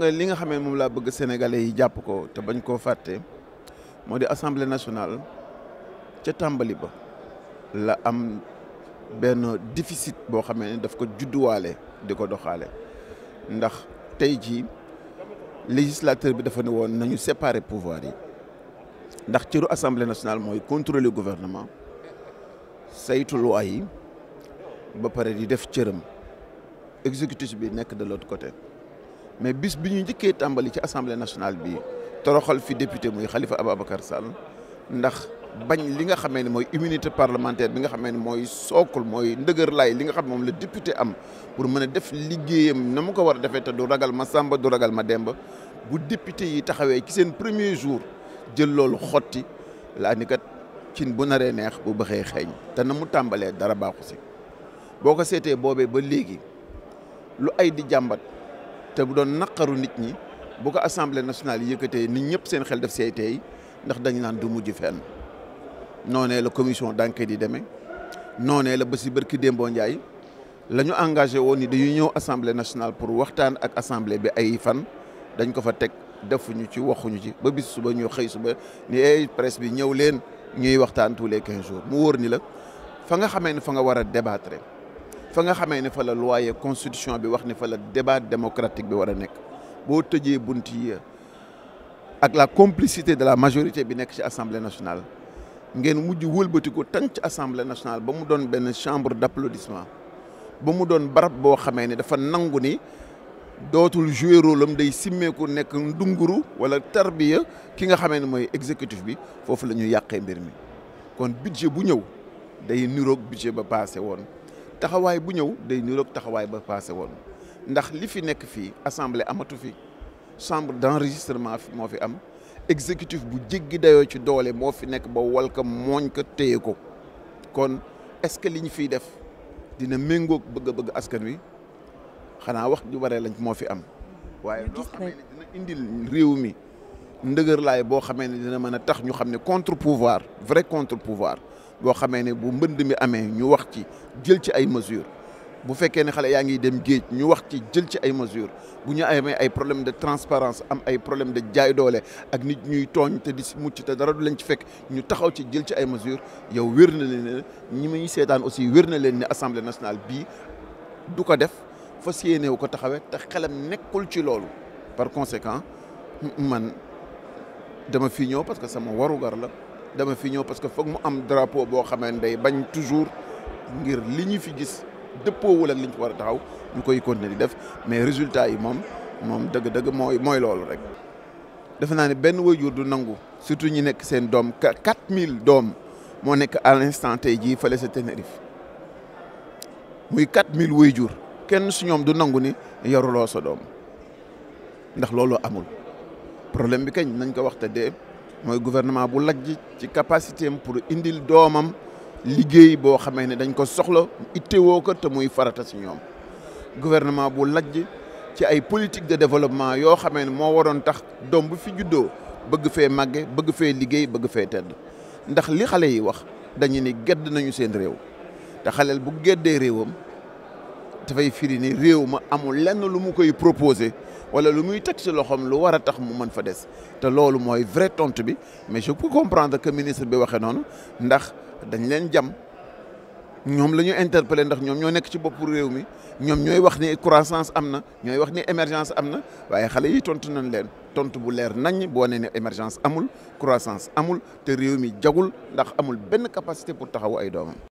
Euh, li nga xamee moom laa bëgg sénégalais yi jàpp ko te bañ koo fàtte moo di assemblée nationale ca tàmbali ba la am benn déficit boo xamee ne daf ko judduwaale di ko doxaale ndax tey jii législateur bi dafa ne woon nañu séparer pouvoir yi ndax cëru assemblée nationale mooy contrôler gouvernement saytu loi yi ba pare di def cëram exécutif bi nekk de l'autre côté mais bis bi ñu njëkkee tàmbali ci assemblée nationale bi toroxal fi député muy Khalifa Ababacar Sall ndax bañ li nga xamee ne mooy immunité parlementaire bi nga xamee ne mooy sookul mooy ndëgër laay li nga xam moom la député am pour mën a def liggéeyam na mu ko war a defee te du ragal ma Samba du ragal ma Demba bu député yi taxawee ci seen premier jour jël loolu xotti laa ni kat cin bu naree neex bu baxee xeeñ te na mu tàmbalee dara baaxu si boo ko seetee boobee ba léegi lu ay di jàmbat. te bu doon naqaru nit ñi bu ko assemblée nationale yi yëkkatee nit ñëpp seen xel def see tey ndax dañu naan du mujj fenn noonee la commission d'enquête yi demee noonee la ba si barki Dembo Ndiaye la ñu engagé woon ni dañuy ñëw assemblée nationale pour waxtaan ak assemblée bi ay fan dañ ko fa teg defuñu ci waxuñu ci ba bis suba ñu xëy suba ni ay presse bi ñëw leen ñuy waxtaan tous les quinze jours mu wóor ni la fa nga xamee ne fa nga war a débattre fa nga xamee ne fa la loi constitution bi wax ni fa la débat démocratique bi war a nekk boo tëjee bunt yi ak la complicité de la majorité bi nekk ci assemblée nationale ngeen mujj wëlbati ko tànc assemblée nationale ba mu doon benn chambre d'applaudissement ba mu doon barab boo xamee ne dafa nangu ni dootul jouer day simmeeku nekk ndunguru wala tarbiya ki nga xamee ne mooy exécutif bi foofu la ñu yàqee mbir mi kon budget bu ñëw day niroog budget ba passé woon taxawaay bu ñëw day niroog taxawaay ba passé woon ndax li fi nekk fii assemble amatu fi chambre d'enregistrement fi moo fi am exécutif bu jéggi dayoo ci doole moo fi nekk ba wal ko mooñ ko téye ko kon est-ce que li ñu fiy def dina méngoog bëgg-bëgg askan wi xanaa wax ju waree lañ moo fi am waaye loo xamee ne dina indil réew mi ndëgër laay boo xamee ne dina mën a tax ñu xam ne contre pouvoir vrai contre pouvoir boo xamee ne bu mbënd mi amee ñu wax ci jël ci ay mesures bu fekkee ne xale yaa ngi dem géej ñu wax ci jël ci ay mesures bu ñu amee ay problème de transparence am ay problème de jaay doole ak nit ñuy tooñ te di si mucc te dara du lañ ci fekk ñu taxaw ci jël ci ay mesures yow wér na leen ne ñi muy seetaan aussi wér na leen ni assemblée nationale bi du ko def fas yéene wu ko taxawee te xelam nekkul ci loolu par conséquent man dama fi ñëw parce que sama warugar la. dama fi ñëw parce que foog mu am drapeau boo xamante day bañ toujours ngir li ñu fi gis dëppoowul ak liñ ñu fi war a taxaw ñu koy continuer di def mais résultat yi moom moom dëgg-dëgg mooy mooy loolu rek. defe naa ne benn waajur du nangu surtout ñu nekk seen doom quatre mille doom moo nekk à l'instant tey jii fële sa Tenerife muy quatre mille waajur kenn su ñoom du nangu ni yaruloo sa doom ndax loolu amul problème bi kañ nañ ko wax te dee mooy gouvernement bu lajj ci capacité am pour indil doomam liggéey boo xamee ne dañ ko soxla ittewoo ko te muy farata si ñoom gouvernement bu lajj ci ay politique de développement yoo xamee ne moo waroon tax doom bu fi juddoo bëgg fee màgge bëgg fee liggéey bëgg fee tedd ndax li xale yi wax dañu ni gedd nañu seen réew te xaleel bu geddee réewam dafay firi ni réew ma amul lenn lu mu koy proposé wala lu muy teg ci loxoom lu war a tax mu mën fa des te loolu mooy vrai tontu bi mais je peux comprendre que ministre bi waxee noonu ndax dañ leen jam ñoom la ñu interpellé ndax ñoom ñoo nekk ci boppu réew mi ñoom ñooy wax ni croissance am na ñooy wax ni émergence am na waaye xale yi tontu nañ leen tontu bu leer nañ boo nee ne émergence amul croissance amul te réew mi jagul ndax amul benn capacité pour taxawu ay doomam.